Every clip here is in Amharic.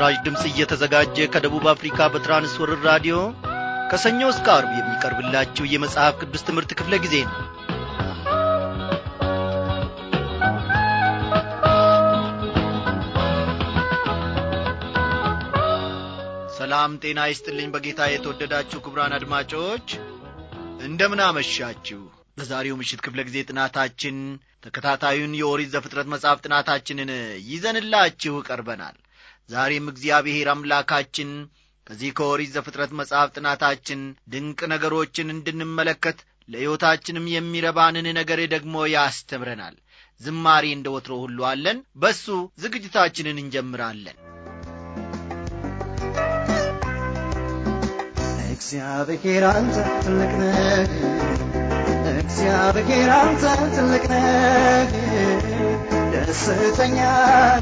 ለምስራች ድምፅ እየተዘጋጀ ከደቡብ አፍሪካ በትራንስወርር ራዲዮ ከሰኞ እስከ አርብ የሚቀርብላችሁ የመጽሐፍ ቅዱስ ትምህርት ክፍለ ጊዜ ነው። ሰላም ጤና ይስጥልኝ። በጌታ የተወደዳችሁ ክቡራን አድማጮች እንደምን አመሻችሁ። በዛሬው ምሽት ክፍለ ጊዜ ጥናታችን ተከታታዩን የኦሪት ዘፍጥረት መጽሐፍ ጥናታችንን ይዘንላችሁ ቀርበናል። ዛሬም እግዚአብሔር አምላካችን ከዚህ ከኦሪት ዘፍጥረት መጽሐፍ ጥናታችን ድንቅ ነገሮችን እንድንመለከት ለሕይወታችንም የሚረባንን ነገር ደግሞ ያስተምረናል። ዝማሬ እንደ ወትሮ ሁሉ አለን። በሱ ዝግጅታችንን እንጀምራለን። እግዚአብሔር አንተ ትልቅ ነህ፣ እግዚአብሔር አንተ ትልቅ ነህ፣ ደስተኛ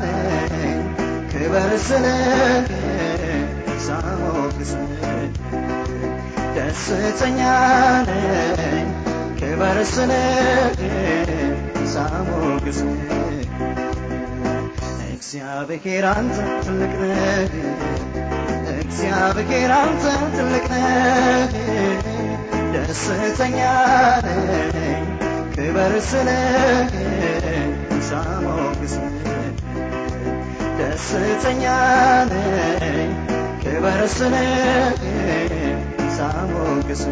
ነህ ክበርስነ ሳሞግስነ ደስተኛ ነኝ ክበርስነ ሳሞግስነ እግዚአብሔር አንተ ትልቅ ነህ እግዚአብሔር አንተ ትልቅ ነህ ደስተኛ ነኝ ክበርስነ ደስተኛ ነኝ ክበር ስለኝ ሳሞግስ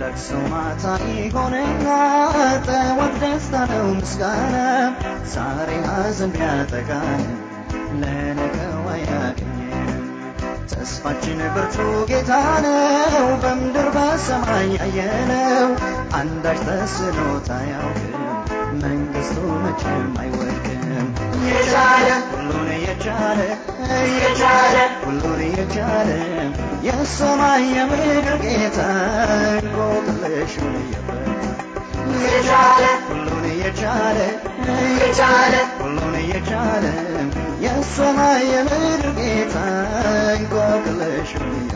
ለቅሶ ማታ ይሆንና ጠዋት ደስታ ነው ምስጋና ዛሬ ሐዘን ቢያጠቃን ለነገው አያውቅም ተስፋችን ብርቱ ጌታ ነው፣ በምድር በሰማይ ያየነው አንዳች ተስኖ አያውቅም፣ መንግሥቱ መቼም አይወድቅም። የቻለ ሁሉን የቻለ የቻለ ሁሉን የቻለ የሰማይ የምድር ጌታ እንቆቅልሹን እየፈታ የቻለ ሁሉን የቻለ የቻለ ሁሉን የቻለ የሰማይ የምድር ጌታ እንቆቅልሽኛል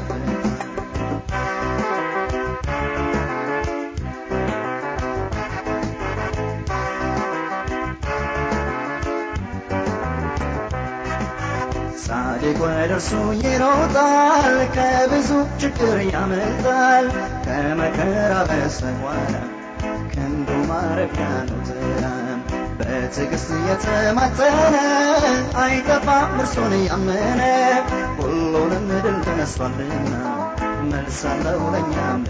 ጻድቅ ወደ እርሱ ይሮጣል፣ ከብዙ ችግር ያመልጣል። ከመከራ በስተኋላ ክንዱ ማረፊያ ነው። በትዕግስት የተማተነ አይጠፋ እርሶን ያመነ ሁሉንም ድል ተነስቷልና መልስ አለው ለእኛም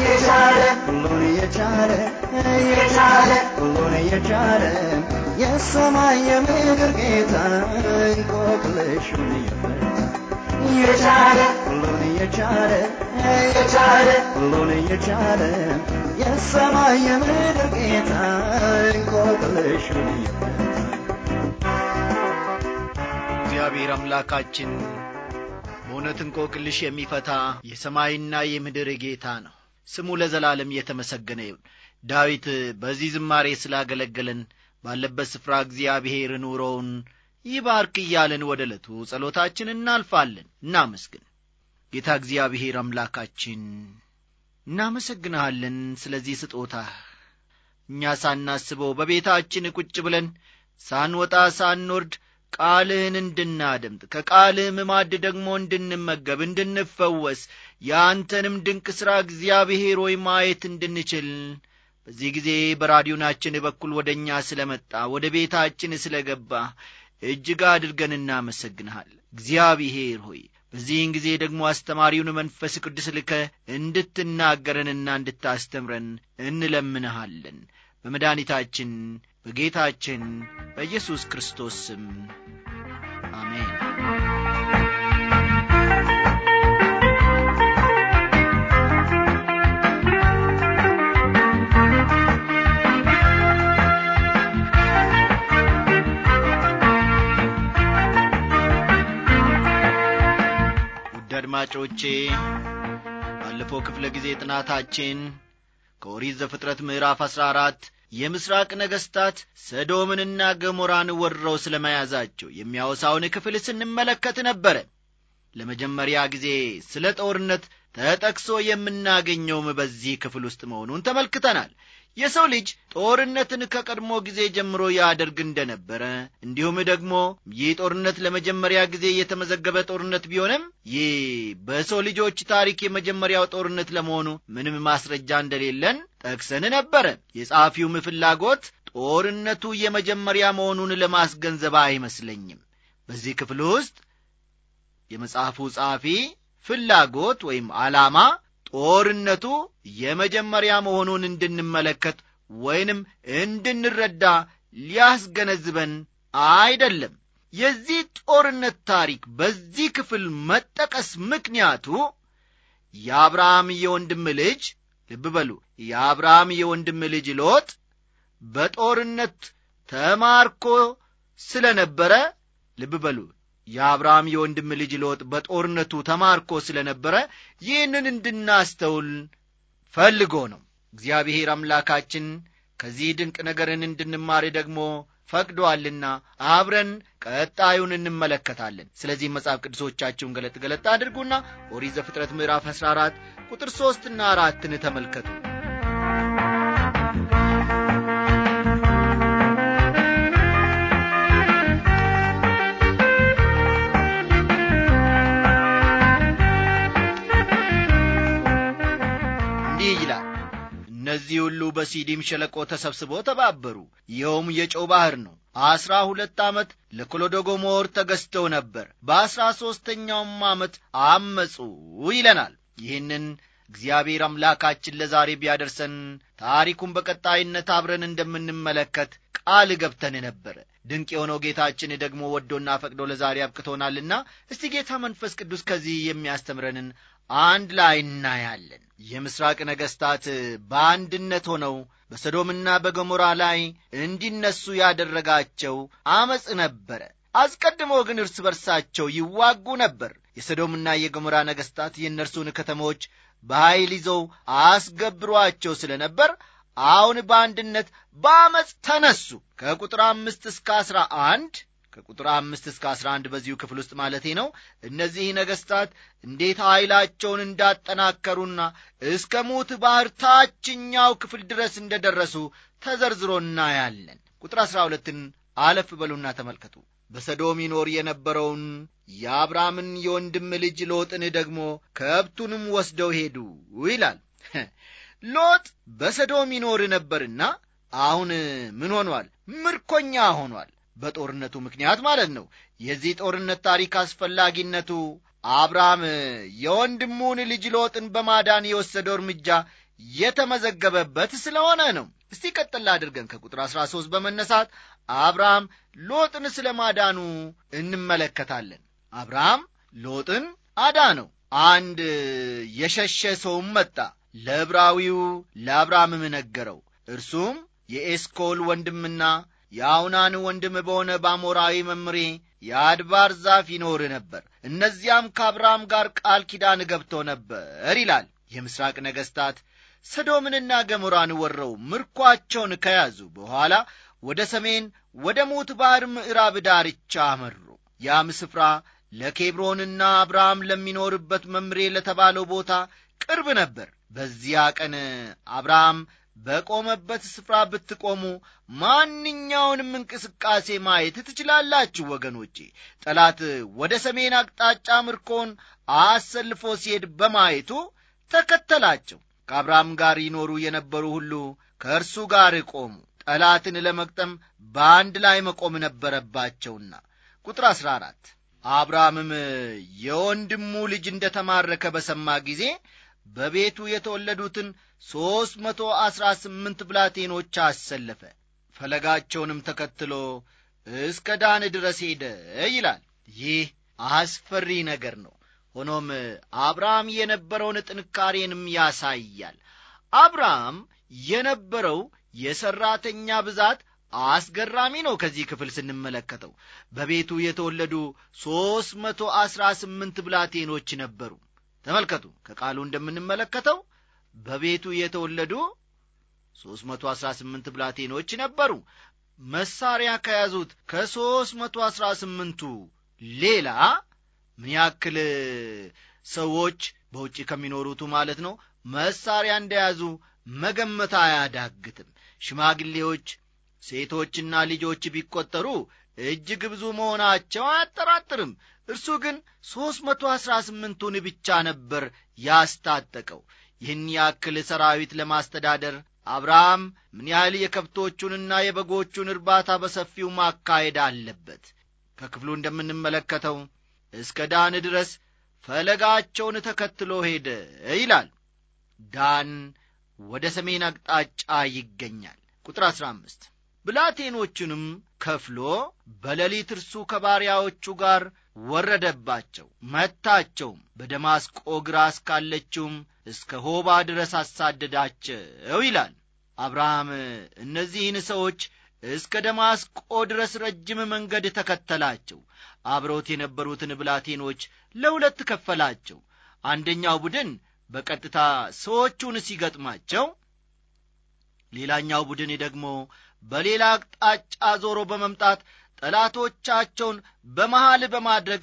የቻለ ሁሉን የቻለ የቻለ ሁሉን የቻለ የሰማይ የምድር ጌታ እንቆቅልሹን የፈታ የቻለ ሁሉን የቻለ የቻለ ሁሉን የቻለ የሰማይ የምድር ጌታ እንቆቅልሽ እግዚአብሔር አምላካችን በእውነት እንቆቅልሽ የሚፈታ የሰማይና የምድር ጌታ ነው ስሙ ለዘላለም የተመሰገነ ይሁን ዳዊት በዚህ ዝማሬ ስላገለገለን ባለበት ስፍራ እግዚአብሔር ኑሮውን ይባርክ እያለን ወደ ዕለቱ ጸሎታችን እናልፋለን እናመስግን ጌታ እግዚአብሔር አምላካችን እናመሰግንሃለን ስለዚህ ስጦታ እኛ ሳናስበው በቤታችን ቁጭ ብለን ሳንወጣ ሳንወርድ ቃልህን እንድናደምጥ ከቃልህም ማድ ደግሞ እንድንመገብ፣ እንድንፈወስ የአንተንም ድንቅ ሥራ እግዚአብሔር ወይ ማየት እንድንችል በዚህ ጊዜ በራዲዮናችን በኩል ወደ እኛ ስለ መጣ ወደ ቤታችን ስለ ገባ እጅግ አድርገን እናመሰግንሃል እግዚአብሔር ሆይ በዚህን ጊዜ ደግሞ አስተማሪውን መንፈስ ቅዱስ ልከ እንድትናገረንና እንድታስተምረን እንለምንሃለን በመድኒታችን በጌታችን በኢየሱስ ክርስቶስ ስም አድማጮቼ ባለፈው ክፍለ ጊዜ ጥናታችን ከኦሪት ዘፍጥረት ምዕራፍ አሥራ አራት የምሥራቅ ነገሥታት ሰዶምንና ገሞራን ወረው ስለ መያዛቸው የሚያወሳውን ክፍል ስንመለከት ነበረ ለመጀመሪያ ጊዜ ስለ ጦርነት ተጠቅሶ የምናገኘውም በዚህ ክፍል ውስጥ መሆኑን ተመልክተናል የሰው ልጅ ጦርነትን ከቀድሞ ጊዜ ጀምሮ ያደርግ እንደነበረ እንዲሁም ደግሞ ይህ ጦርነት ለመጀመሪያ ጊዜ የተመዘገበ ጦርነት ቢሆንም ይህ በሰው ልጆች ታሪክ የመጀመሪያው ጦርነት ለመሆኑ ምንም ማስረጃ እንደሌለን ጠቅሰን ነበረ። የጸሐፊውም ፍላጎት ጦርነቱ የመጀመሪያ መሆኑን ለማስገንዘብ አይመስለኝም። በዚህ ክፍል ውስጥ የመጽሐፉ ጸሐፊ ፍላጎት ወይም ዓላማ ጦርነቱ የመጀመሪያ መሆኑን እንድንመለከት ወይንም እንድንረዳ ሊያስገነዝበን አይደለም። የዚህ ጦርነት ታሪክ በዚህ ክፍል መጠቀስ ምክንያቱ የአብርሃም የወንድም ልጅ ልብ በሉ፣ የአብርሃም የወንድም ልጅ ሎጥ በጦርነት ተማርኮ ስለነበረ ልብ በሉ የአብርሃም የወንድም ልጅ ሎጥ በጦርነቱ ተማርኮ ስለ ነበረ ይህንን እንድናስተውል ፈልጎ ነው እግዚአብሔር አምላካችን ከዚህ ድንቅ ነገርን እንድንማር ደግሞ ፈቅዶአልና አብረን ቀጣዩን እንመለከታለን ስለዚህ መጽሐፍ ቅዱሶቻችሁን ገለጥ ገለጥ አድርጉና ኦሪዘ ፍጥረት ምዕራፍ 14 ቁጥር 3 ና ተመልከቱ እነዚህ ሁሉ በሲዲም ሸለቆ ተሰብስበው ተባበሩ። ይኸውም የጨው ባሕር ነው። አስራ ሁለት ዓመት ለኮሎዶጎሞር ተገዝተው ነበር። በአስራ ሦስተኛውም ዓመት አመጹ ይለናል። ይህንን እግዚአብሔር አምላካችን ለዛሬ ቢያደርሰን ታሪኩን በቀጣይነት አብረን እንደምንመለከት ቃል ገብተን ነበረ። ድንቅ የሆነው ጌታችን ደግሞ ወዶና ፈቅዶ ለዛሬ አብቅቶናልና እስቲ ጌታ መንፈስ ቅዱስ ከዚህ የሚያስተምረንን አንድ ላይ እናያለን። የምሥራቅ ነገሥታት በአንድነት ሆነው በሰዶምና በገሞራ ላይ እንዲነሱ ያደረጋቸው ዐመፅ ነበረ። አስቀድሞ ግን እርስ በርሳቸው ይዋጉ ነበር። የሰዶምና የገሞራ ነገሥታት የእነርሱን ከተሞች በኀይል ይዘው አስገብሯቸው ስለ ነበር አሁን በአንድነት በአመፅ ተነሱ። ከቁጥር አምስት እስከ አስራ አንድ ከቁጥር አምስት እስከ አስራ አንድ በዚሁ ክፍል ውስጥ ማለቴ ነው እነዚህ ነገሥታት እንዴት ኃይላቸውን እንዳጠናከሩና እስከ ሞት ባሕር ታችኛው ክፍል ድረስ እንደ ደረሱ ተዘርዝሮ እናያለን ቁጥር አስራ ሁለትን አለፍ በሉና ተመልከቱ በሰዶም ይኖር የነበረውን የአብርሃምን የወንድም ልጅ ሎጥን ደግሞ ከብቱንም ወስደው ሄዱ ይላል ሎጥ በሰዶም ይኖር ነበርና አሁን ምን ሆኗል ምርኮኛ ሆኗል በጦርነቱ ምክንያት ማለት ነው። የዚህ ጦርነት ታሪክ አስፈላጊነቱ አብርሃም የወንድሙን ልጅ ሎጥን በማዳን የወሰደው እርምጃ የተመዘገበበት ስለሆነ ነው። እስቲ ቀጥላ አድርገን ከቁጥር 13 በመነሳት አብርሃም ሎጥን ስለ ማዳኑ እንመለከታለን። አብርሃም ሎጥን አዳነው። አንድ የሸሸ ሰውም መጣ፣ ለዕብራዊው ለአብርሃምም ነገረው። እርሱም የኤስኮል ወንድምና የአውናን ወንድም በሆነ በአሞራዊ መምሬ የአድባር ዛፍ ይኖር ነበር፣ እነዚያም ከአብርሃም ጋር ቃል ኪዳን ገብቶ ነበር ይላል። የምሥራቅ ነገሥታት ሰዶምንና ገሞራን ወረው ምርኳቸውን ከያዙ በኋላ ወደ ሰሜን ወደ ሞት ባሕር ምዕራብ ዳርቻ አመሩ። ያም ስፍራ ለኬብሮንና አብርሃም ለሚኖርበት መምሬ ለተባለው ቦታ ቅርብ ነበር። በዚያ ቀን አብርሃም በቆመበት ስፍራ ብትቆሙ ማንኛውንም እንቅስቃሴ ማየት ትችላላችሁ። ወገኖቼ ጠላት ወደ ሰሜን አቅጣጫ ምርኮን አሰልፎ ሲሄድ በማየቱ ተከተላቸው። ከአብርሃም ጋር ይኖሩ የነበሩ ሁሉ ከእርሱ ጋር ቆሙ። ጠላትን ለመቅጠም በአንድ ላይ መቆም ነበረባቸውና። ቁጥር 14 አብርሃምም የወንድሙ ልጅ እንደ ተማረከ በሰማ ጊዜ በቤቱ የተወለዱትን ሦስት መቶ ዐሥራ ስምንት ብላቴኖች አሰለፈ ፈለጋቸውንም ተከትሎ እስከ ዳን ድረስ ሄደ ይላል። ይህ አስፈሪ ነገር ነው። ሆኖም አብርሃም የነበረውን ጥንካሬንም ያሳያል። አብርሃም የነበረው የሠራተኛ ብዛት አስገራሚ ነው። ከዚህ ክፍል ስንመለከተው በቤቱ የተወለዱ ሦስት መቶ ዐሥራ ስምንት ብላቴኖች ነበሩ። ተመልከቱ ከቃሉ እንደምንመለከተው በቤቱ የተወለዱ 318 ብላቴኖች ነበሩ መሳሪያ ከያዙት ከ 318 ሌላ ምን ያክል ሰዎች በውጭ ከሚኖሩቱ ማለት ነው መሳሪያ እንደያዙ መገመት አያዳግትም ሽማግሌዎች ሴቶችና ልጆች ቢቆጠሩ እጅግ ብዙ መሆናቸው አያጠራጥርም እርሱ ግን ሦስት መቶ አሥራ ስምንቱን ብቻ ነበር ያስታጠቀው። ይህን ያክል ሰራዊት ለማስተዳደር አብርሃም ምን ያህል የከብቶቹንና የበጎቹን እርባታ በሰፊው ማካሄድ አለበት? ከክፍሉ እንደምንመለከተው እስከ ዳን ድረስ ፈለጋቸውን ተከትሎ ሄደ ይላል። ዳን ወደ ሰሜን አቅጣጫ ይገኛል። ቁጥር 15 ብላቴኖቹንም ከፍሎ በሌሊት እርሱ ከባሪያዎቹ ጋር ወረደባቸው፣ መታቸውም፣ በደማስቆ ግራ እስካለችውም እስከ ሆባ ድረስ አሳደዳቸው ይላል። አብርሃም እነዚህን ሰዎች እስከ ደማስቆ ድረስ ረጅም መንገድ ተከተላቸው። አብረውት የነበሩትን ብላቴኖች ለሁለት ከፈላቸው። አንደኛው ቡድን በቀጥታ ሰዎቹን ሲገጥማቸው፣ ሌላኛው ቡድን ደግሞ በሌላ አቅጣጫ ዞሮ በመምጣት ጠላቶቻቸውን በመሃል በማድረግ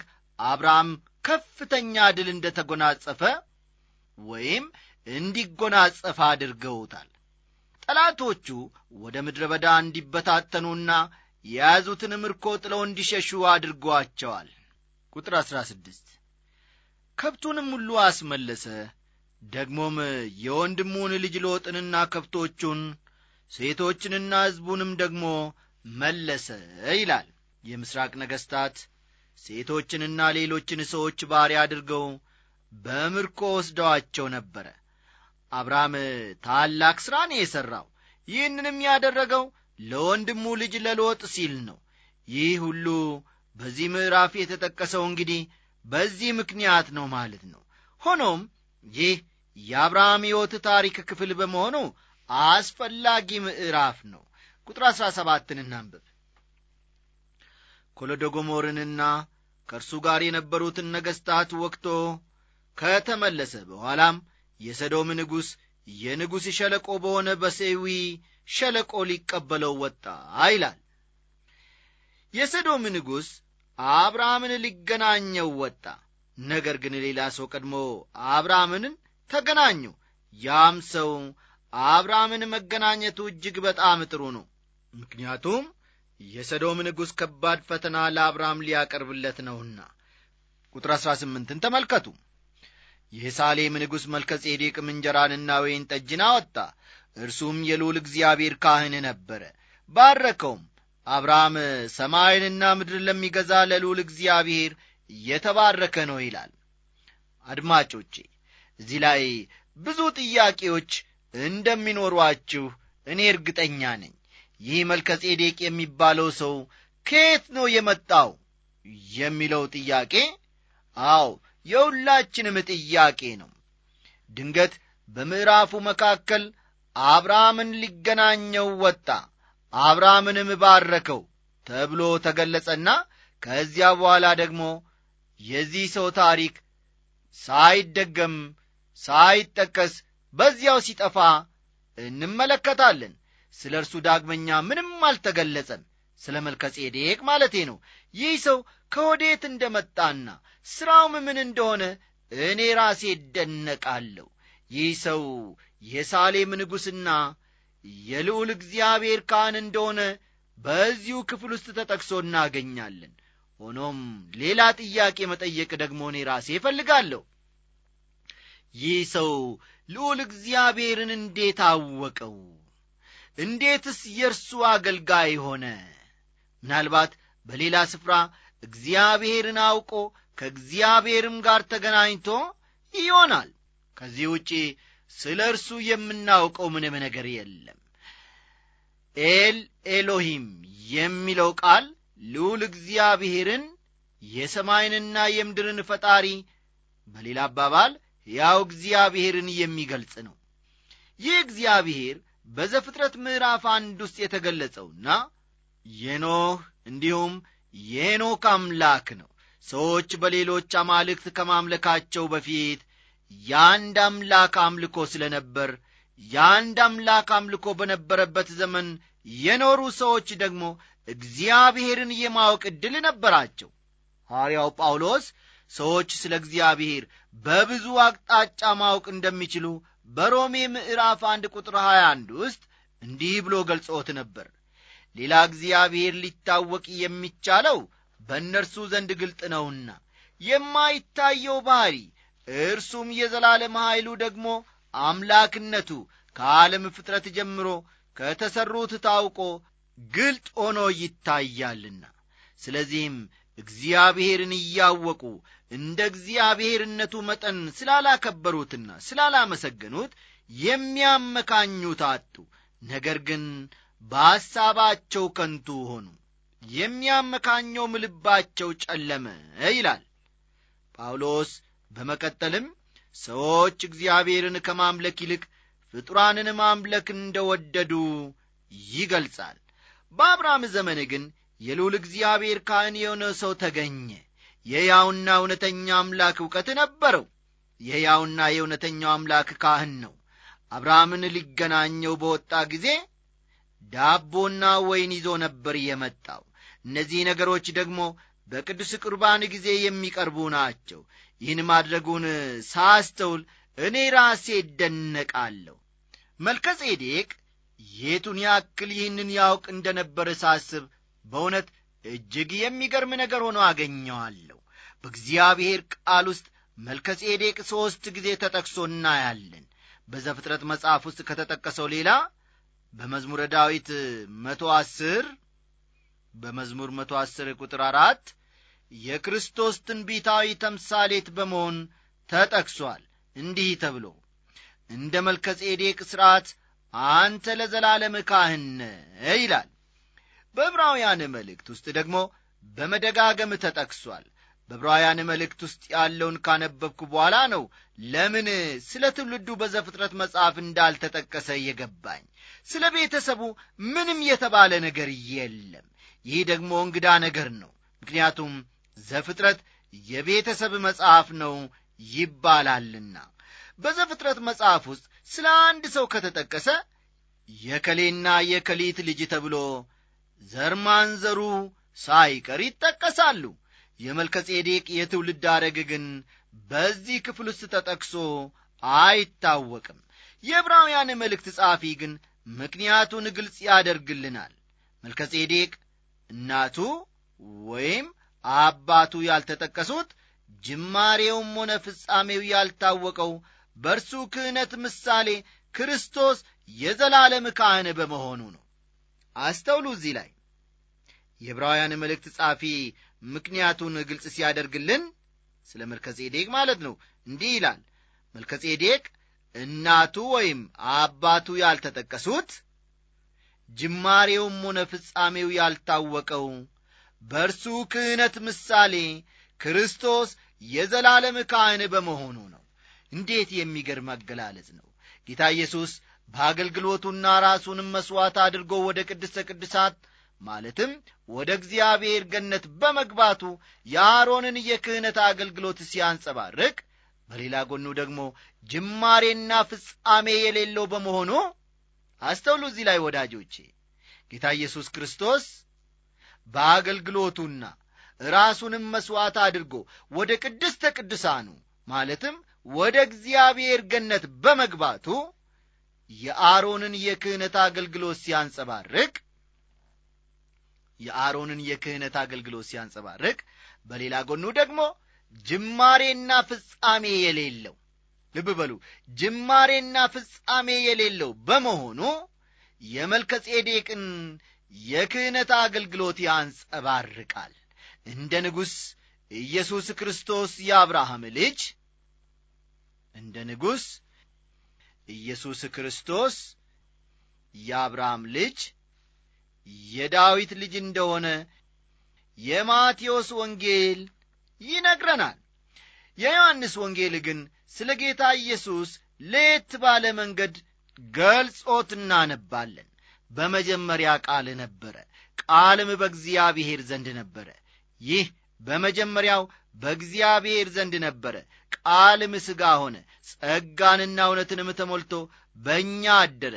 አብርሃም ከፍተኛ ድል እንደ ተጎናጸፈ ወይም እንዲጎናጸፈ አድርገውታል። ጠላቶቹ ወደ ምድረ በዳ እንዲበታተኑና የያዙትን ምርኮ ጥለው እንዲሸሹ አድርጓቸዋል። ቁጥር 16 ከብቱንም ሁሉ አስመለሰ፣ ደግሞም የወንድሙን ልጅ ሎጥንና ከብቶቹን ሴቶችንና ሕዝቡንም ደግሞ መለሰ ይላል። የምሥራቅ ነገሥታት ሴቶችንና ሌሎችን ሰዎች ባሪያ አድርገው በምርኮ ወስደዋቸው ነበረ። አብርሃም ታላቅ ሥራ ነው የሠራው። ይህንንም ያደረገው ለወንድሙ ልጅ ለሎጥ ሲል ነው። ይህ ሁሉ በዚህ ምዕራፍ የተጠቀሰው እንግዲህ በዚህ ምክንያት ነው ማለት ነው። ሆኖም ይህ የአብርሃም ሕይወት ታሪክ ክፍል በመሆኑ አስፈላጊ ምዕራፍ ነው። ቁጥር አሥራ ሰባትን እናንብብ። ኮሎዶጎሞርንና ከእርሱ ጋር የነበሩትን ነገሥታት ወቅቶ ከተመለሰ በኋላም የሰዶም ንጉሥ የንጉሥ ሸለቆ በሆነ በሴዊ ሸለቆ ሊቀበለው ወጣ ይላል። የሰዶም ንጉሥ አብርሃምን ሊገናኘው ወጣ። ነገር ግን ሌላ ሰው ቀድሞ አብርሃምን ተገናኘው። ያም ሰው አብርሃምን መገናኘቱ እጅግ በጣም ጥሩ ነው ምክንያቱም የሰዶም ንጉሥ ከባድ ፈተና ለአብርሃም ሊያቀርብለት ነውና ቁጥር 18 ስምንትን ተመልከቱ የሳሌም ንጉሥ መልከ እንጀራንና ወይን ጠጅን አወጣ እርሱም የልዑል እግዚአብሔር ካህን ነበረ ባረከውም አብርሃም ሰማይንና ምድር ለሚገዛ ለልዑል እግዚአብሔር የተባረከ ነው ይላል አድማጮቼ እዚህ ላይ ብዙ ጥያቄዎች እንደሚኖሯችሁ እኔ እርግጠኛ ነኝ። ይህ መልከ ጼዴቅ የሚባለው ሰው ከየት ነው የመጣው የሚለው ጥያቄ አዎ የሁላችንም ጥያቄ ነው። ድንገት በምዕራፉ መካከል አብርሃምን ሊገናኘው ወጣ፣ አብርሃምንም ባረከው ተብሎ ተገለጸና ከዚያ በኋላ ደግሞ የዚህ ሰው ታሪክ ሳይደገም ሳይጠቀስ በዚያው ሲጠፋ እንመለከታለን። ስለ እርሱ ዳግመኛ ምንም አልተገለጸም። ስለ መልከጼዴቅ ማለቴ ነው። ይህ ሰው ከወዴት እንደመጣና ሥራውም ምን እንደሆነ እኔ ራሴ እደነቃለሁ። ይህ ሰው የሳሌም ንጉሥና የልዑል እግዚአብሔር ካህን እንደሆነ በዚሁ ክፍል ውስጥ ተጠቅሶ እናገኛለን። ሆኖም ሌላ ጥያቄ መጠየቅ ደግሞ እኔ ራሴ እፈልጋለሁ። ይህ ሰው ልዑል እግዚአብሔርን እንዴት አወቀው? እንዴትስ የእርሱ አገልጋይ ሆነ? ምናልባት በሌላ ስፍራ እግዚአብሔርን አውቆ ከእግዚአብሔርም ጋር ተገናኝቶ ይሆናል። ከዚህ ውጪ ስለ እርሱ የምናውቀው ምንም ነገር የለም። ኤል ኤሎሂም የሚለው ቃል ልዑል እግዚአብሔርን የሰማይንና የምድርን ፈጣሪ በሌላ አባባል ያው እግዚአብሔርን የሚገልጽ ነው። ይህ እግዚአብሔር በዘፍጥረት ምዕራፍ አንድ ውስጥ የተገለጸውና የኖህ እንዲሁም የኖክ አምላክ ነው። ሰዎች በሌሎች አማልክት ከማምለካቸው በፊት የአንድ አምላክ አምልኮ ስለነበር የአንድ አምላክ አምልኮ በነበረበት ዘመን የኖሩ ሰዎች ደግሞ እግዚአብሔርን የማወቅ ዕድል ነበራቸው። ሐዋርያው ጳውሎስ ሰዎች ስለ እግዚአብሔር በብዙ አቅጣጫ ማወቅ እንደሚችሉ በሮሜ ምዕራፍ አንድ ቁጥር 21 ውስጥ እንዲህ ብሎ ገልጾት ነበር። ሌላ እግዚአብሔር ሊታወቅ የሚቻለው በእነርሱ ዘንድ ግልጥ ነውና የማይታየው ባሕሪ እርሱም የዘላለም ኃይሉ ደግሞ አምላክነቱ ከዓለም ፍጥረት ጀምሮ ከተሠሩት ታውቆ ግልጥ ሆኖ ይታያልና ስለዚህም እግዚአብሔርን እያወቁ እንደ እግዚአብሔርነቱ መጠን ስላላከበሩትና ስላላመሰገኑት የሚያመካኙት አጡ። ነገር ግን በሐሳባቸው ከንቱ ሆኑ፣ የሚያመካኘውም ልባቸው ጨለመ ይላል ጳውሎስ። በመቀጠልም ሰዎች እግዚአብሔርን ከማምለክ ይልቅ ፍጡራንን ማምለክ እንደወደዱ ይገልጻል። በአብርሃም ዘመን ግን የልዑል እግዚአብሔር ካህን የሆነ ሰው ተገኘ። የሕያውና እውነተኛ አምላክ እውቀት ነበረው። የሕያውና የእውነተኛው አምላክ ካህን ነው። አብርሃምን ሊገናኘው በወጣ ጊዜ ዳቦና ወይን ይዞ ነበር የመጣው። እነዚህ ነገሮች ደግሞ በቅዱስ ቁርባን ጊዜ የሚቀርቡ ናቸው። ይህን ማድረጉን ሳስተውል እኔ ራሴ እደነቃለሁ። መልከ ጼዴቅ የቱን ያክል ይህንን ያውቅ እንደነበር ሳስብ በእውነት እጅግ የሚገርም ነገር ሆኖ አገኘዋለሁ በእግዚአብሔር ቃል ውስጥ መልከጼዴቅ ሦስት ጊዜ ተጠቅሶ እናያለን በዘፍጥረት መጽሐፍ ውስጥ ከተጠቀሰው ሌላ በመዝሙረ ዳዊት መቶ አስር በመዝሙር መቶ አስር ቁጥር አራት የክርስቶስ ትንቢታዊ ተምሳሌት በመሆን ተጠቅሷል እንዲህ ተብሎ እንደ መልከጼዴቅ ሥርዓት አንተ ለዘላለም ካህነ ይላል በዕብራውያን መልእክት ውስጥ ደግሞ በመደጋገም ተጠቅሷል። በዕብራውያን መልእክት ውስጥ ያለውን ካነበብኩ በኋላ ነው ለምን ስለ ትውልዱ በዘፍጥረት መጽሐፍ እንዳልተጠቀሰ የገባኝ። ስለ ቤተሰቡ ምንም የተባለ ነገር የለም። ይህ ደግሞ እንግዳ ነገር ነው። ምክንያቱም ዘፍጥረት የቤተሰብ መጽሐፍ ነው ይባላልና። በዘፍጥረት መጽሐፍ ውስጥ ስለ አንድ ሰው ከተጠቀሰ የከሌና የከሊት ልጅ ተብሎ ዘር ማንዘሩ ሳይቀር ይጠቀሳሉ። የመልከጼዴቅ የትውልድ ሐረግ ግን በዚህ ክፍል ውስጥ ተጠቅሶ አይታወቅም። የዕብራውያን መልእክት ጻፊ ግን ምክንያቱን ግልጽ ያደርግልናል። መልከጼዴቅ እናቱ ወይም አባቱ ያልተጠቀሱት ጅማሬውም ሆነ ፍጻሜው ያልታወቀው በእርሱ ክህነት ምሳሌ ክርስቶስ የዘላለም ካህን በመሆኑ ነው። አስተውሉ እዚህ ላይ የዕብራውያን መልእክት ጻፊ ምክንያቱን ግልጽ ሲያደርግልን ስለ መልከጼዴቅ ማለት ነው እንዲህ ይላል መልከጼዴቅ እናቱ ወይም አባቱ ያልተጠቀሱት ጅማሬውም ሆነ ፍጻሜው ያልታወቀው በእርሱ ክህነት ምሳሌ ክርስቶስ የዘላለም ካህን በመሆኑ ነው እንዴት የሚገርም አገላለጽ ነው ጌታ ኢየሱስ በአገልግሎቱና ራሱንም መሥዋዕት አድርጎ ወደ ቅድስተ ቅድሳት ማለትም ወደ እግዚአብሔር ገነት በመግባቱ የአሮንን የክህነት አገልግሎት ሲያንጸባርቅ፣ በሌላ ጎኑ ደግሞ ጅማሬና ፍጻሜ የሌለው በመሆኑ አስተውሉ። እዚህ ላይ ወዳጆቼ ጌታ ኢየሱስ ክርስቶስ በአገልግሎቱና ራሱንም መሥዋዕት አድርጎ ወደ ቅድስተ ቅድሳኑ ማለትም ወደ እግዚአብሔር ገነት በመግባቱ የአሮንን የክህነት አገልግሎት ሲያንጸባርቅ የአሮንን የክህነት አገልግሎት ሲያንጸባርቅ በሌላ ጎኑ ደግሞ ጅማሬና ፍጻሜ የሌለው ልብ በሉ ጅማሬና ፍጻሜ የሌለው በመሆኑ የመልከጼዴቅን የክህነት አገልግሎት ያንጸባርቃል እንደ ንጉሥ ኢየሱስ ክርስቶስ የአብርሃም ልጅ እንደ ንጉሥ ኢየሱስ ክርስቶስ የአብርሃም ልጅ የዳዊት ልጅ እንደሆነ የማቴዎስ ወንጌል ይነግረናል። የዮሐንስ ወንጌል ግን ስለ ጌታ ኢየሱስ ለየት ባለ መንገድ ገልጾት እናነባለን። በመጀመሪያ ቃል ነበረ፣ ቃልም በእግዚአብሔር ዘንድ ነበረ። ይህ በመጀመሪያው በእግዚአብሔር ዘንድ ነበረ፣ ቃልም ሥጋ ሆነ፣ ጸጋንና እውነትንም ተሞልቶ በእኛ አደረ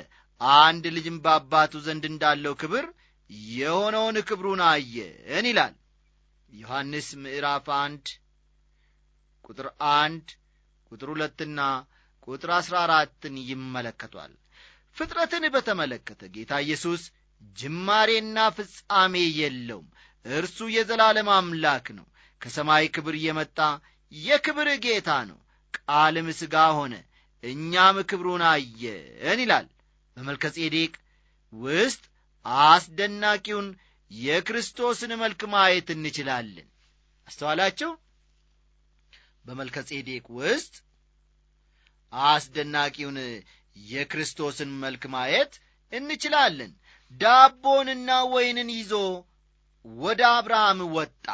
አንድ ልጅም በአባቱ ዘንድ እንዳለው ክብር የሆነውን ክብሩን አየን ይላል ዮሐንስ ምዕራፍ አንድ ቁጥር አንድ ቁጥር ሁለትና ቁጥር አሥራ አራትን ይመለከቷል ፍጥረትን በተመለከተ ጌታ ኢየሱስ ጅማሬና ፍጻሜ የለውም እርሱ የዘላለም አምላክ ነው ከሰማይ ክብር የመጣ የክብር ጌታ ነው ቃልም ሥጋ ሆነ እኛም ክብሩን አየን ይላል በመልከ ጼዴቅ ውስጥ አስደናቂውን የክርስቶስን መልክ ማየት እንችላለን አስተዋላችሁ በመልከ ጼዴቅ ውስጥ አስደናቂውን የክርስቶስን መልክ ማየት እንችላለን ዳቦንና ወይንን ይዞ ወደ አብርሃም ወጣ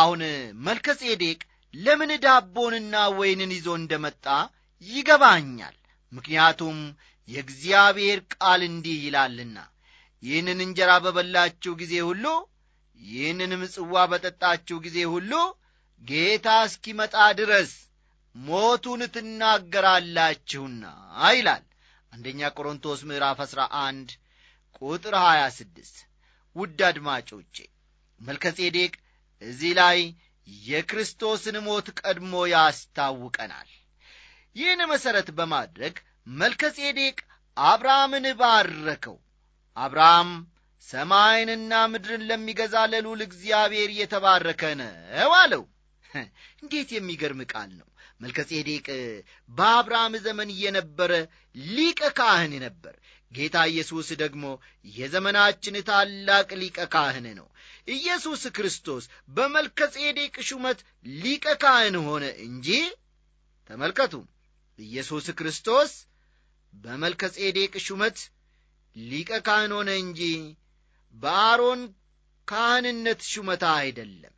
አሁን መልከ ጼዴቅ ለምን ዳቦንና ወይንን ይዞ እንደመጣ ይገባኛል። ምክንያቱም የእግዚአብሔር ቃል እንዲህ ይላልና ይህንን እንጀራ በበላችሁ ጊዜ ሁሉ ይህንንም ጽዋ በጠጣችሁ ጊዜ ሁሉ ጌታ እስኪመጣ ድረስ ሞቱን ትናገራላችሁና ይላል አንደኛ ቆሮንቶስ ምዕራፍ 11 ቁጥር 26። ውድ አድማጮቼ መልከጼዴቅ እዚህ ላይ የክርስቶስን ሞት ቀድሞ ያስታውቀናል። ይህን መሠረት በማድረግ መልከጼዴቅ አብርሃምን ባረከው። አብርሃም ሰማይንና ምድርን ለሚገዛ ለልዑል እግዚአብሔር እየተባረከ ነው አለው። እንዴት የሚገርም ቃል ነው! መልከጼዴቅ በአብርሃም ዘመን የነበረ ሊቀ ካህን ነበር። ጌታ ኢየሱስ ደግሞ የዘመናችን ታላቅ ሊቀ ካህን ነው። ኢየሱስ ክርስቶስ በመልከ ጼዴቅ ሹመት ሊቀ ካህን ሆነ እንጂ ተመልከቱ፣ ኢየሱስ ክርስቶስ በመልከ ጼዴቅ ሹመት ሊቀ ካህን ሆነ እንጂ በአሮን ካህንነት ሹመታ አይደለም።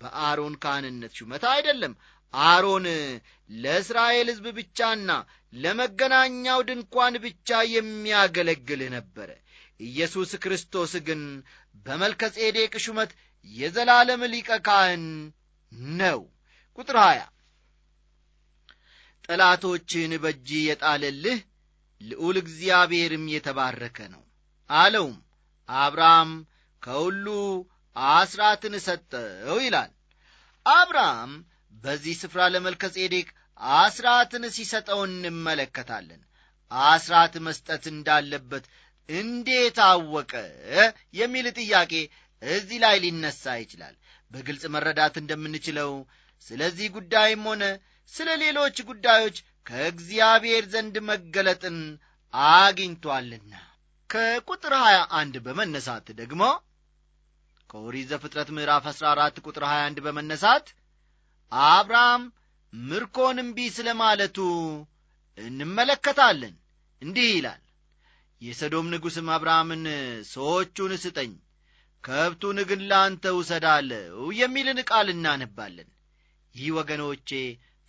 በአሮን ካህንነት ሹመታ አይደለም። አሮን ለእስራኤል ሕዝብ ብቻና ለመገናኛው ድንኳን ብቻ የሚያገለግልህ ነበረ። ኢየሱስ ክርስቶስ ግን በመልከ ጼዴቅ ሹመት የዘላለም ሊቀ ካህን ነው። ቁጥር 20 ጠላቶችን በእጅ የጣለልህ ልዑል እግዚአብሔርም የተባረከ ነው አለውም። አብርሃም ከሁሉ አስራትን ሰጠው ይላል። አብርሃም በዚህ ስፍራ ለመልከጼዴቅ አስራትን ሲሰጠው እንመለከታለን። አስራት መስጠት እንዳለበት እንዴት አወቀ የሚል ጥያቄ እዚህ ላይ ሊነሳ ይችላል። በግልጽ መረዳት እንደምንችለው ስለዚህ ጉዳይም ሆነ ስለ ሌሎች ጉዳዮች ከእግዚአብሔር ዘንድ መገለጥን አግኝቷልና። ከቁጥር 21 በመነሳት ደግሞ ከኦሪዘ ፍጥረት ምዕራፍ 14 ቁጥር 21 በመነሳት አብርሃም ምርኮን እምቢ ስለ ማለቱ እንመለከታለን። እንዲህ ይላል፣ የሰዶም ንጉሥም አብርሃምን ሰዎቹን ስጠኝ፣ ከብቱን ግን ለአንተ ውሰዳለው የሚልን ቃል እናነባለን። ይህ ወገኖቼ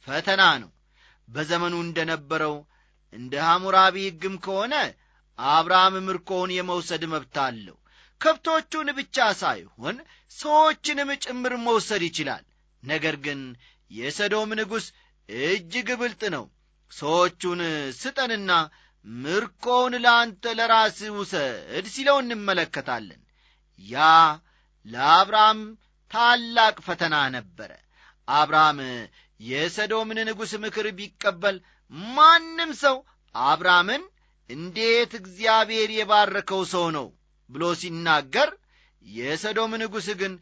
ፈተና ነው። በዘመኑ እንደ ነበረው እንደ ሐሙራቢ ሕግም ከሆነ አብርሃም ምርኮውን የመውሰድ መብት አለው። ከብቶቹን ብቻ ሳይሆን ሰዎችንም ጭምር መውሰድ ይችላል። ነገር ግን የሰዶም ንጉሥ እጅግ ብልጥ ነው። ሰዎቹን ስጠንና ምርኮውን ለአንተ ለራስ ውሰድ ሲለው እንመለከታለን። ያ ለአብርሃም ታላቅ ፈተና ነበረ። አብርሃም የሰዶምን ንጉሥ ምክር ቢቀበል ማንም ሰው አብርሃምን እንዴት እግዚአብሔር የባረከው ሰው ነው ብሎ ሲናገር፣ የሰዶም ንጉሥ ግን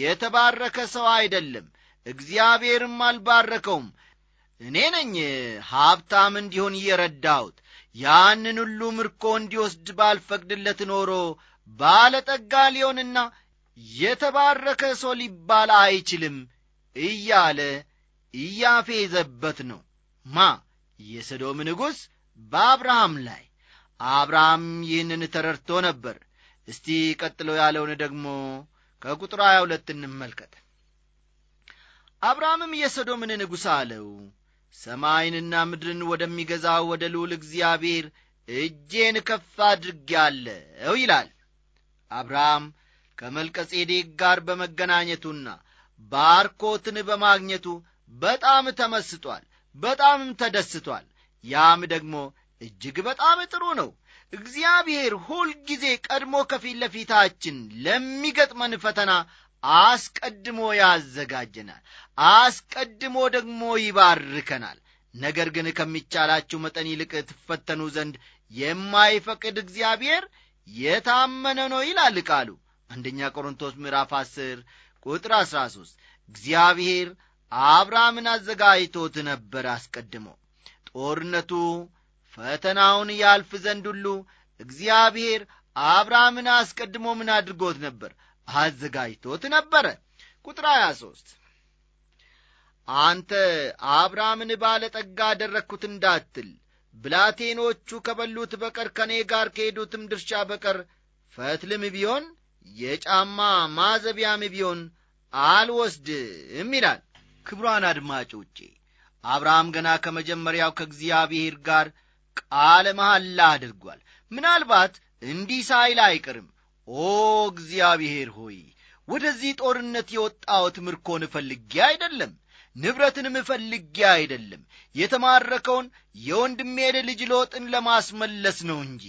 የተባረከ ሰው አይደለም እግዚአብሔርም አልባረከውም። እኔ ነኝ ሀብታም እንዲሆን እየረዳሁት። ያንን ሁሉ ምርኮ እንዲወስድ ባልፈቅድለት ኖሮ ባለጠጋ ሊሆንና የተባረከ ሰው ሊባል አይችልም እያለ እያፌዘበት ነው። ማ የሰዶም ንጉሥ በአብርሃም ላይ። አብርሃም ይህንን ተረድቶ ነበር። እስቲ ቀጥሎ ያለውን ደግሞ ከቁጥር 22 እንመልከት። አብርሃምም የሰዶምን ንጉሥ አለው ሰማይንና ምድርን ወደሚገዛው ወደ ልዑል እግዚአብሔር እጄን ከፍ አድርጌአለሁ ይላል። አብርሃም ከመልከጼዴቅ ጋር በመገናኘቱና ባርኮትን በማግኘቱ በጣም ተመስጧል፣ በጣምም ተደስቷል። ያም ደግሞ እጅግ በጣም ጥሩ ነው። እግዚአብሔር ሁል ጊዜ ቀድሞ ከፊት ለፊታችን ለሚገጥመን ፈተና አስቀድሞ ያዘጋጀናል፣ አስቀድሞ ደግሞ ይባርከናል። ነገር ግን ከሚቻላችሁ መጠን ይልቅ ትፈተኑ ዘንድ የማይፈቅድ እግዚአብሔር የታመነ ነው ይላል ቃሉ። አንደኛ ቆሮንቶስ ምዕራፍ 10 ቁጥር 13 እግዚአብሔር አብርሃምን አዘጋጅቶት ነበር። አስቀድሞ ጦርነቱ ፈተናውን ያልፍ ዘንድ ሁሉ እግዚአብሔር አብርሃምን አስቀድሞ ምን አድርጎት ነበር? አዘጋጅቶት ነበረ። ቁጥር 23 አንተ አብርሃምን ባለጠጋ አደረግኩት እንዳትል ብላቴኖቹ ከበሉት በቀር ከእኔ ጋር ከሄዱትም ድርሻ በቀር ፈትልም ቢሆን የጫማ ማዘቢያም ቢሆን አልወስድም ይላል። አድማጭ አድማጮቼ አብርሃም ገና ከመጀመሪያው ከእግዚአብሔር ጋር ቃለ መሐላ አድርጓል። ምናልባት እንዲህ ሳይል አይቅርም። ኦ እግዚአብሔር ሆይ ወደዚህ ጦርነት የወጣሁት ምርኮን እፈልጌ አይደለም ንብረትንም እፈልጌ አይደለም የተማረከውን የወንድሜን ልጅ ሎጥን ለማስመለስ ነው እንጂ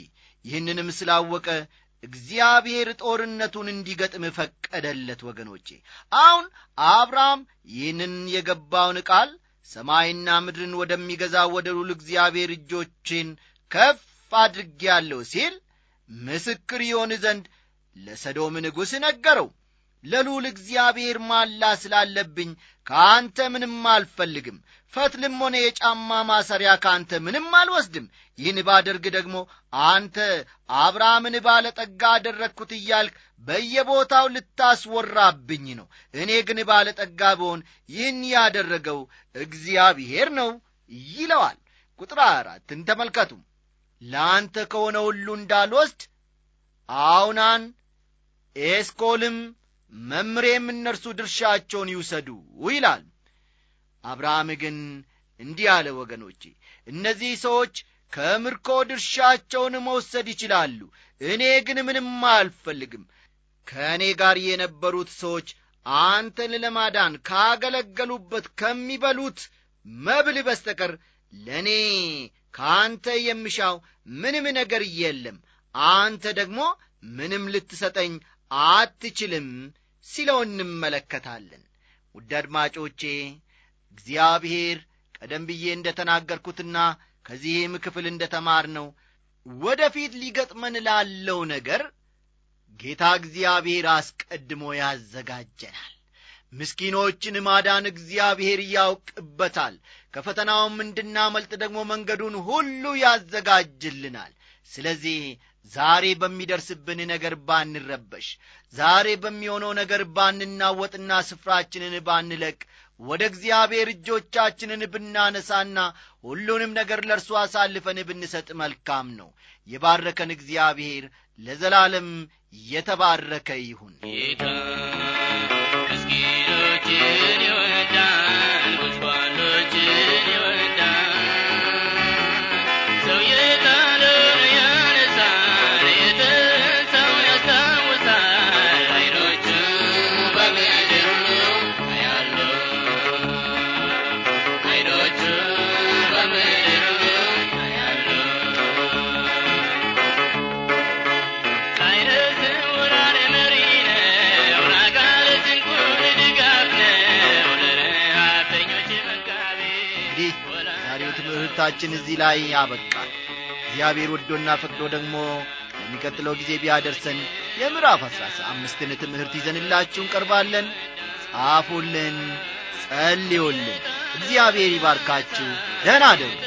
ይህንንም ስላወቀ እግዚአብሔር ጦርነቱን እንዲገጥም ፈቀደለት ወገኖቼ አሁን አብርሃም ይህንን የገባውን ቃል ሰማይና ምድርን ወደሚገዛ ወደ ሉል እግዚአብሔር እጆችን ከፍ ያለው ሲል ምስክር ይሆን ዘንድ ለሰዶም ንጉሥ ነገረው ለሉል እግዚአብሔር ማላ ስላለብኝ ከአንተ ምንም አልፈልግም፣ ፈትልም ሆነ የጫማ ማሰሪያ ከአንተ ምንም አልወስድም። ይህን ባደርግ ደግሞ አንተ አብርሃምን ባለጠጋ አደረግኩት እያልክ በየቦታው ልታስወራብኝ ነው። እኔ ግን ባለጠጋ ብሆን ይህን ያደረገው እግዚአብሔር ነው ይለዋል። ቁጥር አራትን ተመልከቱ። ለአንተ ከሆነ ሁሉ እንዳልወስድ አውናን ኤስኮልም መምሬም እነርሱ ድርሻቸውን ይውሰዱ ይላል። አብርሃም ግን እንዲህ አለ፣ ወገኖቼ እነዚህ ሰዎች ከምርኮ ድርሻቸውን መውሰድ ይችላሉ፣ እኔ ግን ምንም አልፈልግም። ከእኔ ጋር የነበሩት ሰዎች አንተን ለማዳን ካገለገሉበት ከሚበሉት መብል በስተቀር ለእኔ ከአንተ የምሻው ምንም ነገር የለም። አንተ ደግሞ ምንም ልትሰጠኝ አትችልም ሲለው እንመለከታለን። ውድ አድማጮቼ እግዚአብሔር ቀደም ብዬ እንደ ተናገርኩትና ከዚህም ክፍል እንደ ተማርነው ወደ ፊት ሊገጥመን ላለው ነገር ጌታ እግዚአብሔር አስቀድሞ ያዘጋጀናል። ምስኪኖችን ማዳን እግዚአብሔር ያውቅበታል። ከፈተናውም እንድናመልጥ ደግሞ መንገዱን ሁሉ ያዘጋጅልናል። ስለዚህ ዛሬ በሚደርስብን ነገር ባንረበሽ፣ ዛሬ በሚሆነው ነገር ባንናወጥና ስፍራችንን ባንለቅ፣ ወደ እግዚአብሔር እጆቻችንን ብናነሳና ሁሉንም ነገር ለእርሱ አሳልፈን ብንሰጥ መልካም ነው። የባረከን እግዚአብሔር ለዘላለም የተባረከ ይሁን። እዚህ ላይ ያበቃል እግዚአብሔር ወዶና ፈቅዶ ደግሞ የሚቀጥለው ጊዜ ቢያደርሰን የምዕራፍ አሥራ አምስትን ትምህርት ይዘንላችሁ እንቀርባለን ጻፉልን ጸልዩልን እግዚአብሔር ይባርካችሁ ደህና አደሩ